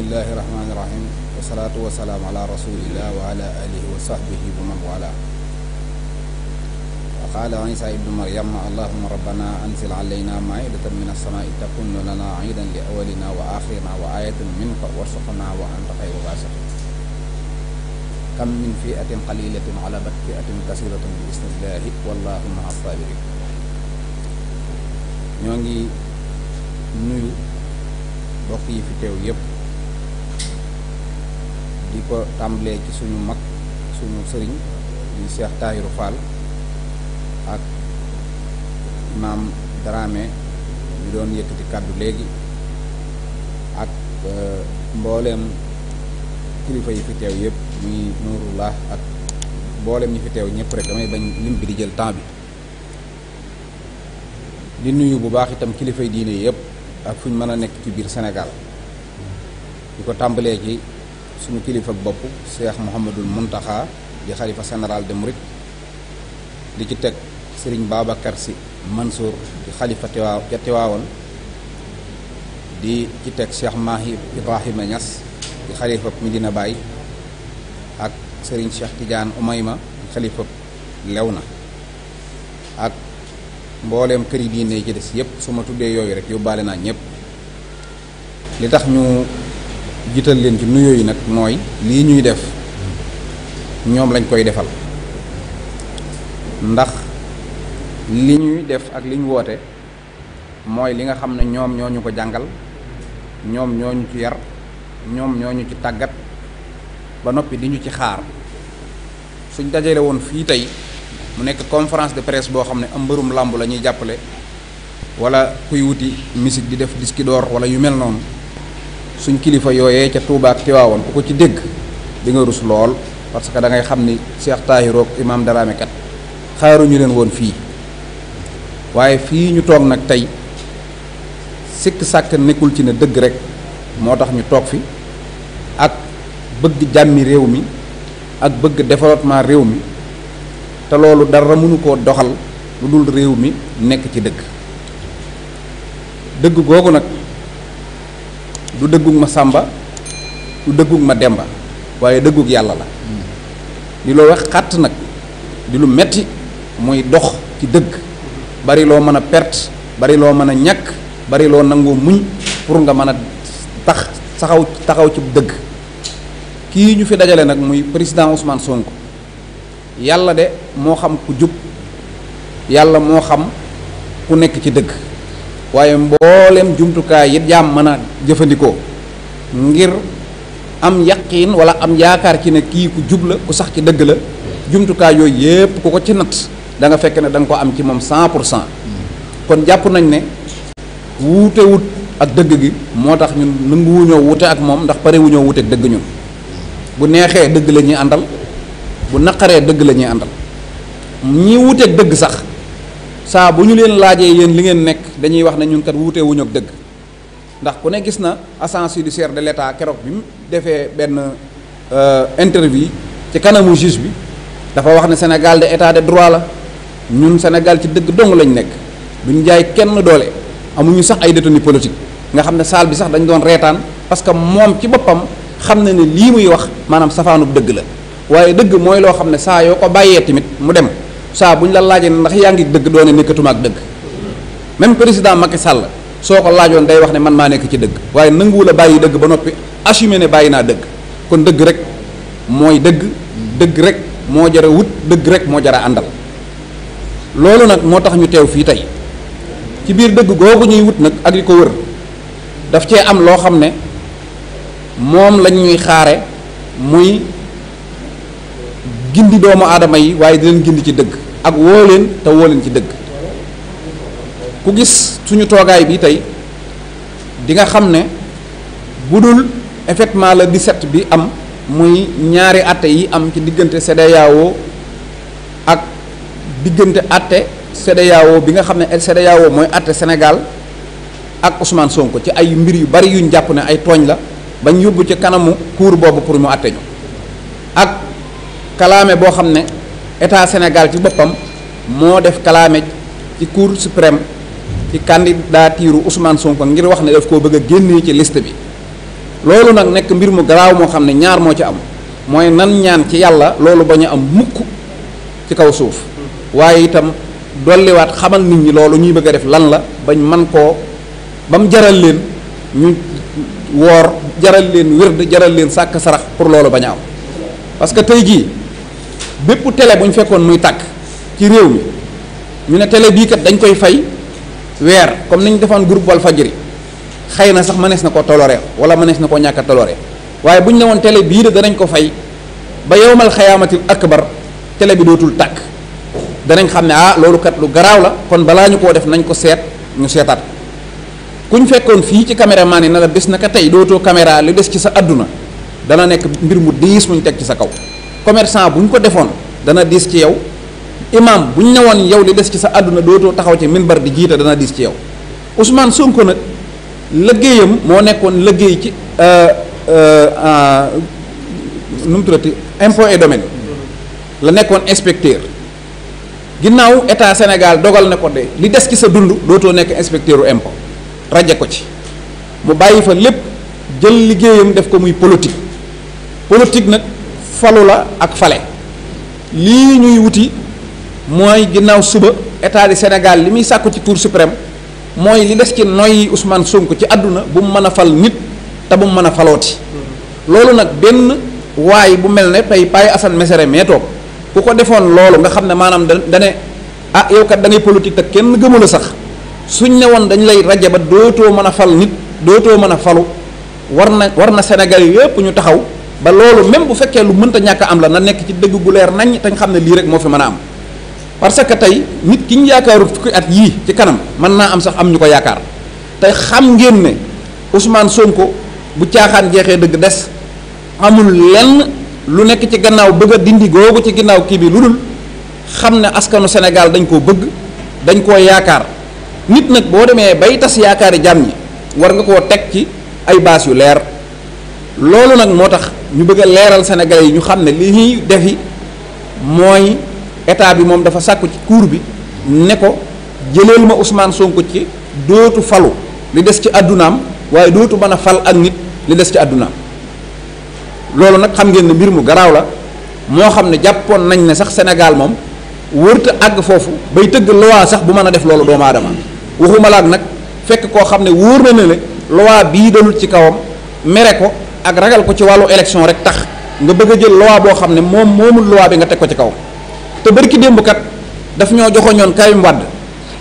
bismillahi rahmaani rahim wasalaatu wasalaam ala rasulillah wa ala alihi wa sahbihi wa man wala wa qaala isa ibnu maryama allahuma rabbana anzil alayna maidatan min alsamaai takun lana iidan li awalina wa axirina wa ayatan minka warzuqna wa anta xayru raasiqiin kam min fiatin qalilatin ghalabat fiatan kasiratan bi isnillahi wallahu maa saabiriin ñoo ngi nuyu mbokk yi fi teew yépp di ko tàmbalee ci suñu mag suñu sëriñ di Cheikh Tahirou Fall ak maam drame ñu doon yëkkati kàddu léegi ak euh, mbooleem kilifa yi fi teew yëpp muy Nuurullah ak mbooleem ñu fi teew ñëpp rek damay bañ lim bi di jël temps bi di nuyu bu baax itam kilifay diine yépp ak fu ñu mën a nekk ci biir senegal di ko tàmbalee ci suñu kilifa bopp Cheikh Mouhamadul Muntaxa di xalifa général de Mouride di ci teg Serigne Babacar Sy Mansour di xalifa Tiwaaw ca di ci teg Cheikh Mahi Ibrahima Niass di xalifa Medina Baye ak Serigne Cheikh Tidiane Oumayma di xalifa na ak mbooleem këri diine yi ci des yépp su ma tuddee yooyu rek yóbbaale naa ñëpp li tax ñu jiital leen ci nuyoo yi nag mooy lii ñuy def ñoom lañ koy defal ndax li ñuy def ak li ñu woote mooy li nga xam ne ñoom ñoo ñu ko jàngal ñoom ñoo ñu ci yar ñoom ñoo ñu ci tàggat ba noppi di ñu ci xaar suñ dajale woon fii tey mu nekk conférence de presse boo xam ne am mbërum làmb la ñuy jàppale wala kuy wuti musique di def disque d'or wala yu mel noonu. suñ kilifa yooyee ca Touba ak Tiwaawoon ku ko ci dégg dinga rus lool parce que da ngay xam ni Cheikh Tahirou ak Imam Darame kat xaaruñu leen woon fii waaye fii ñu toog nag tey sikk sàkk nekkul ci ne dëgg rek moo tax ñu toog fi ak bëgg jàmmi réew mi ak bëgg développement réew mi te loolu dara mënu ko doxal lu dul réew mi nekk ci dëgg dëgg googu nag lu dëggug ma sàmba du dëggug ma demba waaye dëggug yàlla la di loo wax xàtt nag di lu metti muy dox ci dëgg bariloo mën a perte bari loo mën a ñàkk bariloo loo nangoo muñ pour nga mën a tax saxaw taxaw ci dëgg kii ñu fi dajale nag muy président Ousmane Sonko yàlla de moo xam ku jub yàlla moo xam ku nekk ci dëgg waaye mboolem jumtukaay yi jaam mën a jëfandikoo ngir am yaqiin wala am yaakaar ci ne kii ku jub ku sax ci dëgg la jumtukaay yooyu yépp ku ko ci natt da nga fekk ne da ko am ci moom cent pour cent kon jàpp nañ ne wuute wut ak dëgg gi moo tax ñun nanguwuñoo wute ak moom ndax pare wuñoo wute ak dëgg ñun bu neexee dëgg lañuy àndal bu naqaree dëgg lañuy àndal ñi wuteeg dëgg sax saa bu ñu leen laajee yéen li ngeen nekk dañuy wax ne ñun kat wuute wuñu ak dëgg ndax ku ne gis na agence judiciaire de l'État keroog bi mu defee benn euh, interview ci kanamu juge bi dafa wax ne Sénégal de état de droit la ñun Sénégal ci dëgg dong lañ nekk duñ jaay kenn doole amuñu sax ay détenus politique nga xam ne saal bi sax dañu doon reetaan parce que moom ci boppam xam na ne lii muy wax maanaam safaanub dëgg la waaye dëgg mooy loo xam ne saa yoo ko bàyyee tamit mu dem. saa bu ñu la laajee ndax yaa ngi dëgg doone nekkatuma ak dëgg même président Macky sàll soo ko laajoon day wax ne man maa nekk ci dëgg waaye nanguwul a bàyyi dëgg ba noppi assumé ne bàyyi naa dëgg kon dëgg rek mooy dëgg dëgg rek moo jara wut dëgg rek moo jara àndal loolu nag moo tax ñu teew fii tey ci biir dëgg googu ñuy wut nag ak li ko wër daf cee am loo xam ne moom lañ ñuy xaare muy gindi doomu aadama yi waaye di leen gindi ci dëgg ak woo leen te woo leen ci dëgg ku gis suñu toogaay bi tey di nga xam ne bu dul effectivement la 17 bi am muy ñaari atte yi am ci diggante CEDEAO ak diggante atte CEDEAO bi nga xam ne CEDEAO mooy atte Sénégal ak Ousmane Sonko ci ay mbir yu bari yuñ jàpp ne ay tooñ la bañ yóbbu ci kanamu cour boobu pour mu atte ñu ak kalaame boo xam ne état senegal ci boppam moo def kalaame ci cour suprême ci candidature Ousmane Sonko ngir wax ne daf koo bëgg a génnee ci list bi loolu nag nekk mbir mu garaaw moo xam ne ñaar moo ci am mooy nan ñaan ci yàlla loolu ba ñu am mukk ci kaw suuf waaye itam dolliwaat xamal nit ñi loolu ñuy bëgg a def lan la bañ man koo ba jaral leen ñu woor jaral leen wérd jaral leen sàkk sarax pour loolu bañ a am parce tey jii bépp télé bu ñu fekkoon muy tàkk ci réew mi ñu ne télé bii kat dañ koy fay weer comme ni ñu defoon groupe Walfadjri xëy na sax mënees na ko toloree wala mënees na ko ñàkk a waaye bu ñu ne woon télé bii de danañ ko fay ba yowmal xayaamatil bar télé bi dootul tàkk danañ xam ne ah loolu kat lu garaaw la kon balaa ñu koo def nañ ko seet ñu seetaat ku ñu fekkoon fii ci caméraman yi na la bés na ka tey dootoo caméra li des ci sa àdduna dana nekk mbir mu diis mu ñu teg ci sa kaw. commerçant bu ñu ko defoon dana diis ci yow imam bu ñu ne woon yow li des ci sa àdduna dootoo taxaw ci minbar di jiite dana diis ci yow Ousmane Sonko nag liggéeyam moo nekkoon liggéey ci euh, euh, nu mu tuddati impôt et domaine la nekkoon inspecteur ginnaaw état Sénégal dogal na ko de li des ci sa dund dootoo nekk inspecteur u impôt raje ko ci mu bàyyi fa lépp jël liggéeyam def ko muy politique polotik nag. falu la ak fale lii ñuy wuti mooy ginnaaw suba état du Sénégal li muy sàkku ci Cour suprême mooy li des ci noyyi usman Sonko ci àdduna bu mu mën a fal nit te bu mën a falooti loolu nag benn waay bu mel ne tey Paye Assane Mesere mee toog ku ko defoon loolu nga xam ne maanaam da da ne ah yow kat da ngay te kenn gëmu la sax suñ ne woon dañ lay raja ba dootoo mën a fal nit dootoo mën a falu war na war na Sénégal yëpp ñu taxaw. ba loolu même bu fekkee lu mënta ñàkk am la na nekk ci dëgg gu leer nañ te nga xam ne lii rek moo fi mën a am parce que tey nit ki ñu yaakaaru fukki at yii ci kanam mën naa am sax am ñu ko yaakaar tey xam ngeen ne Ousmane Sonko bu caaxaan jeexee dëgg des amul lenn lu nekk ci gannaaw bëgg a dindi googu ci ginnaaw kii bi lu dul xam ne askanu Sénégal dañ koo bëgg dañ koo yaakaar nit nag boo demee bay tas yaakaari jàmm ñi war nga koo teg ci ay baas yu leer. loolu nag moo tax ñu bëgg a leeral Sénégalais yi ñu xam ne li ñuy defi mooy état bi moom dafa sàkku ci cour bi ne ko jëleel ma usmaan Sonko ci dootu falu li des ci àddunaam waaye dootu mën a fal ak nit li des ci àddunaam loolu nag xam ngeen mbir mu garaaw la moo xam ne jàppoon nañ ne sax Sénégal moom wërta àgg foofu bay tëgg loi sax bu mën a def loolu doomu aadama waxuma laag nag fekk koo xam ne wóor na ne le loi bii dalul ci kawam mere ko ak ragal ko ci wàllu élection rek tax nga bëgg a jël loi boo xam ne moom moomul loi bi nga teg ko ci kaw te bërki démb kat daf ñoo joxoñoon Karim Wade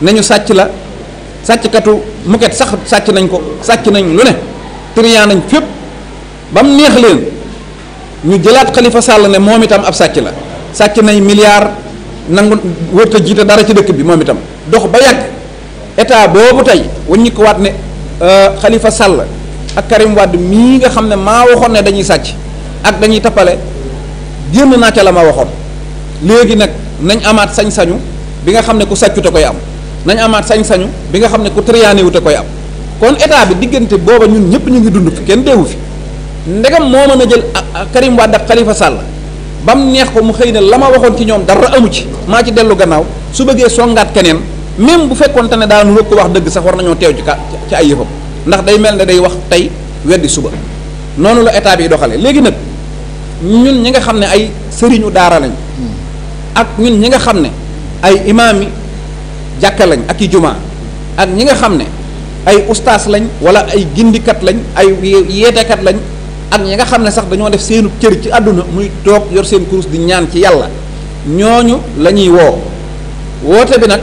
nañu sàcc la sàcckatu muket sax sàcc nañ ko sàcc nañ lu ne trian nañ fépp ba mu neex leen ñu jëlaat Khalifa Sall ne moom itam ab sàcc la sàcc nañ milliard nangu wërta jiite dara ci dëkk bi moom itam dox ba yàgg état boobu tey waññi ko waat ne euh, Khalifa Sall ak Karim Wade mii nga xam ne maa waxoon ne dañuy sàcc ak dañuy tappale génn naa ca la ma waxoon léegi nag nañ amaat sañ-sañu bi nga xam ne ku sàccu te koy am nañ amaat sañ-sañu bi nga xam ne ku triyaaniwu te koy am kon état bi diggante booba ñun ñëpp ñu ngi dund fi kenn deewu fi ndegam moo mën a jël Karim Wade ak Khalifa Sall ba mu neex ko mu xëy ne la ma waxoon ci ñoom dara amu ci maa ci dellu gannaaw su bëggee songaat keneen même bu fekkoon te ne daanu rëkk wax dëgg sax war nañoo teew ci ka ci ay yëfam ndax day mel ne day wax tey weddi suba noonu la état bi doxale léegi nag ñun ñi nga xam ne ay sëriñu daara lañ ak ñun ñi nga xam ne ay imaam yi jàkka lañ ak i jumaa ak ñi nga xam ne ay ustaas lañ wala ay gindikat lañ ay yeetekat lañ ak ñi nga xam ne sax dañoo def seenu cër ci àdduna muy toog yor seen kurus di ñaan ci yàlla ñooñu la ñuy woo woote bi nag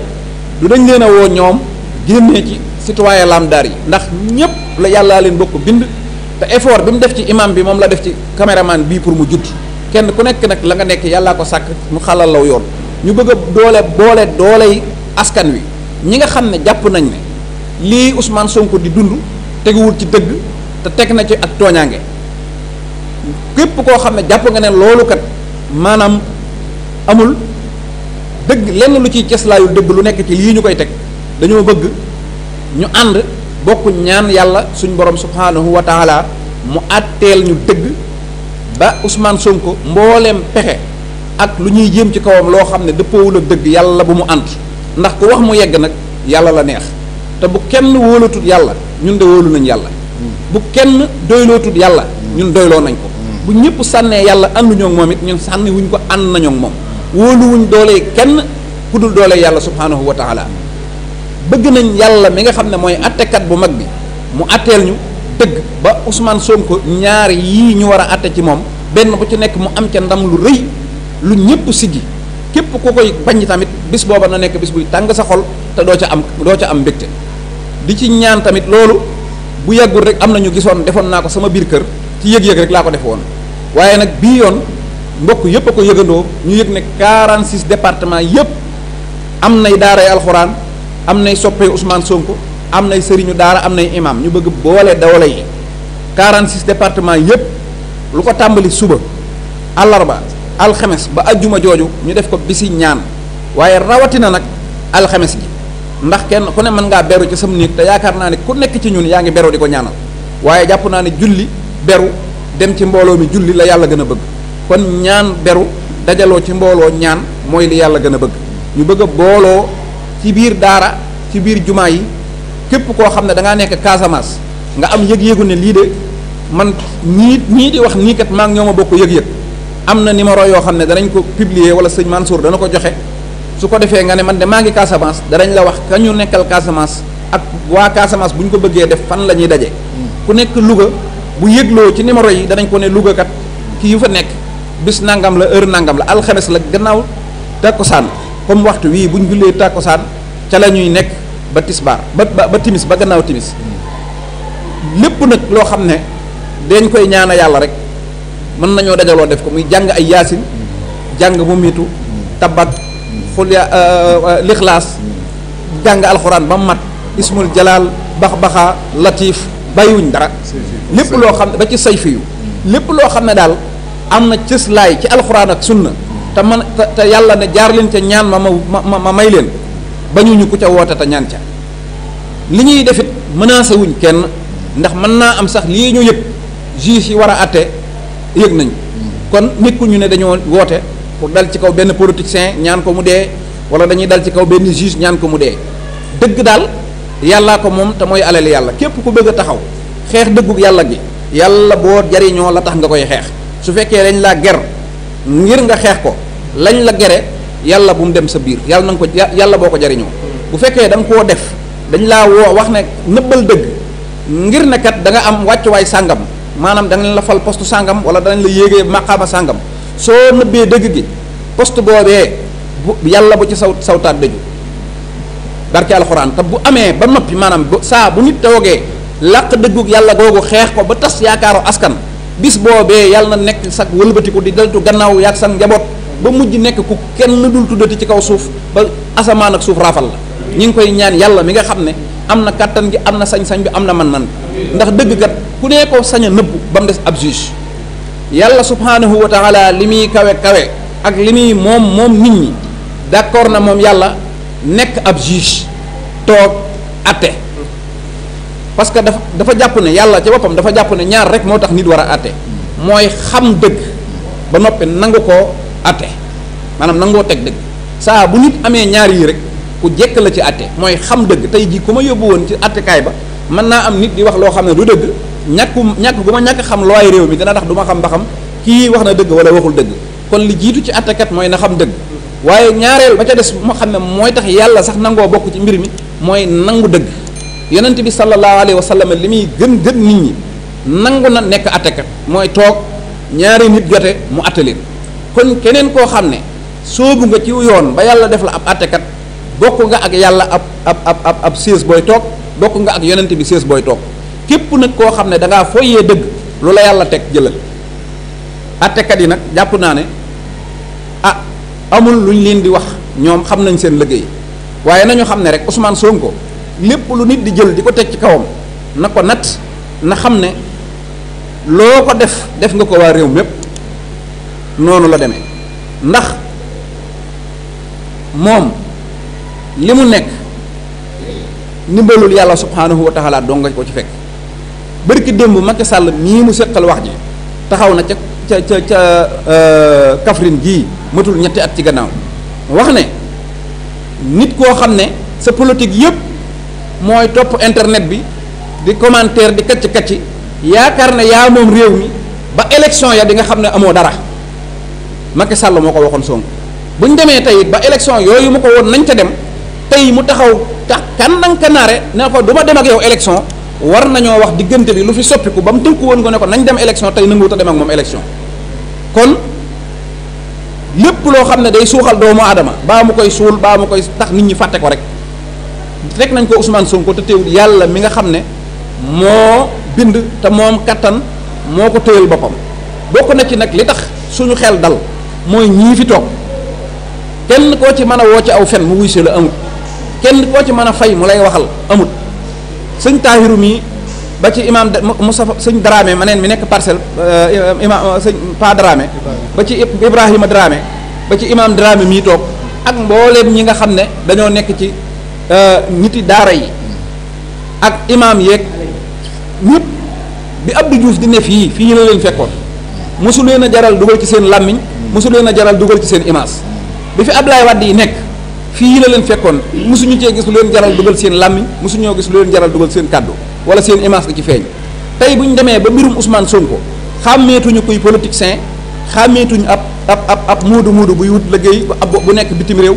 du dañ leen a woo ñoom génnee ci citoyen lamdaar yi ndax ñëpp la yàllaa leen bokk bind te effort bi mu def ci imam bi moom la def ci caméraman bii pour mu judd kenn ku nekk nag la nga nekk yàllaa ko sàkk mu xalal law yoon ñu bëgg a doole boole dooley askan wi ñi nga xam ne jàpp nañ ne lii Ousmane Sonko di dund teguwul ci dëgg te teg na ci ak tooñaange képp koo xam ne jàpp nga ne loolu kat maanaam amul dëgg lenn lu ciy ceslaayul dëgg lu nekk ci lii ñu koy teg dañoo bëgg ñu ànd bokkuñ ñaan yàlla suñ borom subhanahu wa taala mu àtteel ñu dëgg ba Ousmane Sonko mbooleem pexe ak lu ñuy jéem ci kawam loo xam ne dëppoowul a dëgg yàlla bu mu ànd ndax ku wax mu yegg nag yàlla la neex te bu kenn wóolatut yàlla ñun de wóolu nañ yàlla bu kenn doylootut yàlla ñun doyloo nañ ko bu ñëpp sànnee yàlla ànduñoo moom it ñun sànni ko ànd nañoo ak moom wóoluwuñ doole kenn ku dul doole yàlla subhanahu wa taala bëgg nañ yàlla mi nga xam ne mooy attekat bu mag bi mu atteel ñu dëgg ba Ousmane Sonko ñaar yi ñu war a atte ci moom benn bu ci nekk mu am ca ndam lu rëy lu ñëpp siggi képp ku koy bañ tamit bis booba na nekk bis buy tàng sa xol te doo ca am doo ca am mbégte di ci ñaan tamit loolu bu yàggul rek am na ñu gisoon defoon naa ko sama biir kër ci yëg-yëg rek laa ko def woon waaye nag bii yoon mbokk yëpp a ko yëgandoo ñu yëg ne 46 département yëpp am nay daaray alxuraan. am nay soppee Ousmane Sonko am nay sëriñu daara am nay imam ñu bëgg boole dawla yi 46 département yépp lu ko tàmbali suba àllarba alxames ba ajjuma jooju ñu def ko bisi ñaan waaye rawatina nag alxames gi ndax kenn ku ne mën ngaa beru ca sam néeg te yaakaar naa ne ku nekk ci ñun yaa ngi beru di ko ñaanal waaye jàpp naa ne julli beru dem ci mbooloo mi julli la yàlla gën a bëgg kon ñaan beru dajaloo ci mbooloo ñaan mooy li yàlla gën a bëgg ci biir daara ci biir jumaa yi képp koo xam ne da ngaa nekk Casamance nga am yëg-yëgu ne lii de man ñii ñii di wax nii kat maa ñoo ma bokk yëg-yëg am na numéro yoo xam ne danañ ko publier wala sëñ Mansour dana ko joxe su ko defee nga ne man de maa ngi Casamance danañ la wax ka ñu nekkal Casamance ak waa Casamance bu ñu ko bëggee def fan la ñuy daje. ku nekk Louga bu yëgloo ci numéro yi danañ ko ne Louga kat kii yu fa nekk bis nangam la heure nangam la alxames la gannaaw takkusaan comme waxtu wii bu ñu jullee tàkkusaan ca la ñuy nekk ba tisbaar ba ba timis ba gannaaw timis lépp nag loo xam ne dañ koy ñaana yàlla rek mën nañoo dajaloo def ko muy jàng ay yaasin jàng mu miitu tabat xul ya euh, euh, lixlaas jàng alxuraan ba mat ismul jalaal bax baxaa latiif bàyyiwuñ dara lépp loo xam ne ba ci sayfiyu lépp loo xam ne daal am na cëslaay ci alxuraan ak sunna te man te yàlla ne jaar leen ca ñaan ma ma ma ma may leen bañuñu ku ca woote te ñaan ca li ñuy defit menacé wuñ kenn ndax mën naa am sax lii ñu yëg juge yi war a atte yëg nañ kon ñu ne dañoo woote pour dal ci kaw benn politicien ñaan ko mu dee wala dañuy dal ci kaw benn juge ñaan ko mu dee dëgg daal yàllaa ko moom te mooy alal yàlla képp ku bëgg a taxaw xeex dëggu yàlla gi yàlla boo jariñoo la tax nga koy xeex su fekkee dañ laa ger ngir nga xeex ko lañ la gere yàlla bu mu dem sa biir yàlla na ko yàlla boo ko jariñoo bu fekkee danga nga koo def dañ laa woo wax ne nëbbal dëgg ngir nekkat kat da nga am wàccuwaay sàngam maanaam danañ la fal poste sàngam wala danañ la yéegee maqaama sàngam soo nëbbee dëgg gi poste boobee bu yàlla bu ci saw sawtaat dëju barke alxuraan te bu amee ba noppi maanaam saa bu nit toogee làq dëggu yàlla googu xeex ko ba tas yaakaaru askan bis boobee yàlla na nekk sag wëlbatiku di deltu gannaaw yaag sag njaboot ba mujj nekk ku kenn dul tuddati ci kaw suuf ba asamaan ak suuf raafal la ñi ngi koy ñaan yàlla mi nga xam ne am na kàttan gi am na sañ-sañ bi am na man-man ndax dëgg kat ku ne ko sañ a nëbbu ba mu des ab juge yàlla subhanahu wa taala li muy kawe kawe ak li muy moom moom nit ñi d'accord na moom yàlla nekk ab juge toog atte parce que dafa dafa jàpp ne yàlla ci boppam dafa jàpp ne ñaar rek moo tax nit war a atte mooy xam dëgg ba noppi nangu ko atte maanaam nangoo teg dëgg saa bu nit amee ñaar yii rek ku jekk la ci atte mooy xam dëgg tey jii ku ma yóbbu woon ci attekaay ba mën naa am nit di wax loo xam ne du dëgg ñàkku ñàkk gu ma ñàkk xam looy réew mi dana tax du ma xam ba xam kii wax na dëgg wala waxul dëgg kon li jiitu ci attekat mooy na xam dëgg waaye ñaareel ba ca des ma xam ne mooy tax yàlla sax nangoo bokk ci mbir mi mooy nangu dëgg yonent bi sallallahu alayhi wa sallam li muy gën gën nit ñi nangu na nekk attekat mooy toog ñaari nit jote mu atte kon keneen koo xam ne soobu nga ci yoon ba yàlla def la ab àttekat bokk nga ak yàlla ab ab ab ab sées booy toog bokk nga ak yonent bi sées booy toog képp nag koo xam ne da ngaa foyee dëgg lu la yàlla teg jëlal àttekat yi nag jàpp naa ne ah amul lu ñu leen di wax ñoom xam nañ seen liggéey waaye nañu xam ne rek Ousmane Sonko lépp lu nit di jël di ko teg ci kawam na ko nat na xam ne loo ko def def nga ko waa réew mépp noonu la deme ndax moom li mu nekk ndimbalul yàlla subhaanahu wa taala dong nga ko ci fekk bërki démb Macky Sall mii mu seqal wax ji taxaw na ca ca ca ca euh, Kaffrine gii matul ñetti at ci gannaaw wax ne nit koo xam ne sa politique yëpp mooy topp internet bi di commentaire di kacc kacc yaakaar ne yaa moom réew mi ba election ya di nga xam ne amoo dara Macky Sall moo ko waxoon Sonko bu ñu demee tey ba élection yooyu mu ko woon nañ ca dem tey mu taxaw tax kàndang kanaare ne ko du ma dem ak yow élection war nañoo wax diggante bi lu fi soppiku ba mu tënku woon ko ne ko nañ dem élection tey nanguwut a dem ak moom élection kon lépp loo xam ne day suuxal doomu aadama baa mu koy suul baa mu koy tax nit ñi fàtte ko rek rek nañ ko Ousmane Sonko te teewul yàlla mi nga xam ne moo bind te moom kattan moo ko téyal boppam bokk na ci nag li tax suñu xel dal mooy ñii fi toog kenn koo ci mën a woo ci aw fen mu wuy see la amut kenn koo ci mën a fay mu lay waxal amut sëñ taahiru mii ba ci imaam Mustafa sëñ Dramé maneen mi nekk parcelle euh, imaam euh, sëñ Pa Dramé ba ci Ibrahima Dramé ba ci imaam Dramé mii toog ak mbooleem ñi nga xam ne dañoo nekk ci euh, ñiti daara yi ak imaam yeeg ñëpp bi Abdou Diouf di ne fii fii la leen fekkoon mosu leen a jaral dugal ci seen làmmiñ mosu leen a jaral dugal ci seen image bi fi Abdoulaye Wade yi nekk fii la leen fekkoon mosuñu cee gis lu leen jaral dugal seen làmmiñ mosuñoo gis lu leen jaral dugal seen kàddu wala seen image ak ci feeñ tey bu ñu demee ba mbirum Ousmane Sonko xàmmeetuñu kuy politicien xàmmeetuñu ab ab ab ab muudu muudu buy wut liggéey bu nekk bitim réew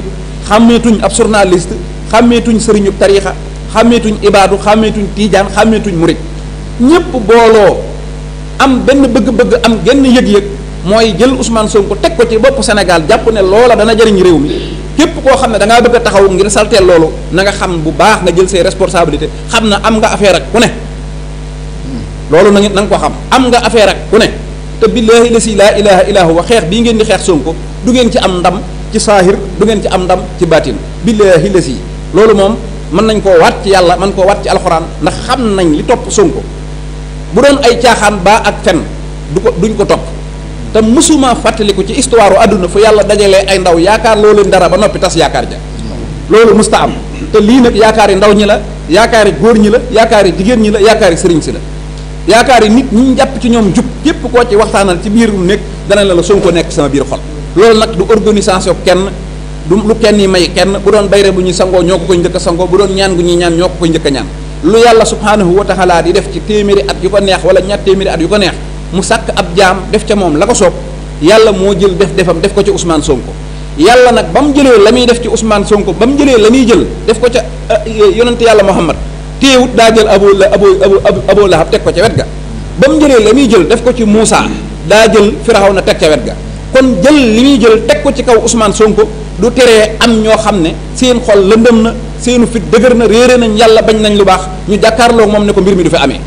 xàmmeetuñ ab journaliste xàmmeetuñ sëriñu tariixa xàmmeetuñ ibaadu xàmmeetuñ tiijaan xàmmeetuñ murit ñëpp booloo am benn bëgg-bëgg am genn yëg-yëg mooy jël Ousmane Sonko teg ko ci bopp senegal jàpp ne loola dana jëriñ réew mi képp koo xam ne da ngaa bëgg a taxaw ngir salteel loolu na nga xam bu baax nga jël say responsabilité xam na am nga affaire ak ku ne loolu na nga ko xam am nga affaire ak ku ne te billaahi la si laa ilaha illa huwa xeex bii ngeen di xeex Sonko du ngeen ci am ndam ci saahir du ngeen ci am ndam ci baatin billaahi la si loolu moom mën nañ koo waat ci yàlla mën koo waat ci alxuraan ndax xam nañ li topp Sonko bu doon ay caaxaan baa ak fen du ko duñ ko topp te mësuma fàttaliku ci histoire àdduna fu yàlla dajalee ay ndaw yaakaar loo leen dara ba noppi tas yaakaar ja loolu musta am te lii nag yaakaar yi ndaw ñi la yaakaar yi góor ñi la yaakaar yi jigéen ñi la yaakaar yi sëriñ si la yaakaar yi nit ñi jàpp ci ñoom jub képp koo ci waxtaanal ci biir lu nekk dana la la Sonko nekk sama biir xol loolu nag du organisation kenn du lu kenn yi may kenn bu doon bayre bu ñuy sangoo ñoo ko koy njëkk a doon ñaan gu ñuy ñaan ñoo ko koy njëkk lu yàlla subhaanahu wa taala di def ci téeméeri at yu ko neex wala ñaar téeméeri at yu ko neex mu sàkk ab jaam def ca moom la ko soob yàlla moo jël def defam def ko ci Ousmane Sonko yàlla nag ba mu jëlee la muy def ci Ousmane Sonko ba mu jëlee la muy jël def ko ca eh, yonent yàlla Muhammad téewut daa jël abo la abo abo lahab teg ko ca wet ga ba mu la muy jël def ko ci Moussa daa jël Firawna teg ca wet ga kon jël li muy jël teg ko ci kaw Ousmane Sonko du teree am ñoo xam ne seen xol lëndëm na seenu fit dëgër na réer nañ yàlla bañ nañ lu baax ñu jàkkaarloo moom ne ko mbir mi du fi amee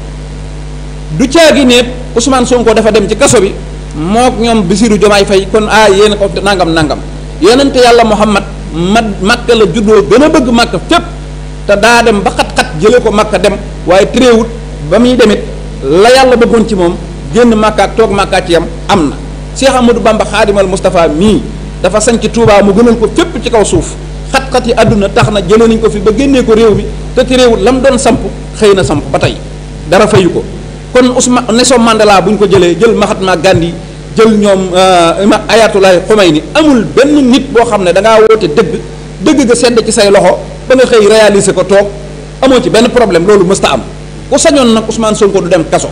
du caagi ne Ousmane Sonko dafa dem ci kaso bi mook ñoom Bassirou Diomaye fay kon ah yéen ko nangam nangam yonente yàlla Muhammad mat Makka la juddoo gën a bëgg Makka fépp te daa dem ba xat-xat jëlee ko Makka dem waaye tréewut ba muy demit la yàlla bëggoon ci moom génn Makka ak toog Makka ci yam am na Cheikh Amadou Bamba xaadimal Moustapha dafa sanc Touba mu gënal ko fépp ci kaw suuf xat-xat yi àdduna tax na jëlee nañ ko fi ba génnee ko réew mi te ci réew lam doon samp xëy na samp ba tey dara fayu ko kon Ousmane Nelson Mandela bu ñu ko jëlee jël maxat Mahatma Gandhi jël ñoom euh, ayatulaay Khomeini amul benn nit boo xam ne da ngaa woote dëgg dëgg ga sedd ci say loxo ba nga xëy réaliser ko toog amoo ci benn problème loolu mës mësta am ku sañoon nag Ousmane ko du dem kaso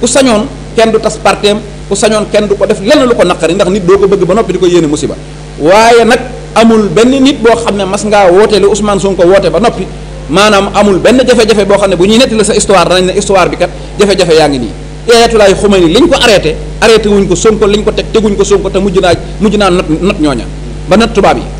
ku sañoon kenn du tas parteem ku sañoon kenn du ko def lenn lu ko naqari ndax nit doo ko bëgg ba noppi di ko yéene musiba waaye nag amul benn nit boo xam ne mas ngaa woote lu Ousmane Sonko woote ba noppi maanaam amul benn jafe-jafe boo xam ne bu ñuy nettali sa histoire danañ ne histoire bi kat jafe-jafe yaa ngi nii Ayatollah Khomeini liñ ko arrêté arrêté wuñ ko Sonko liñ ko teg teguñ ko Sonko te mujj naa mujj naa not not ñooña ba not tubaab yi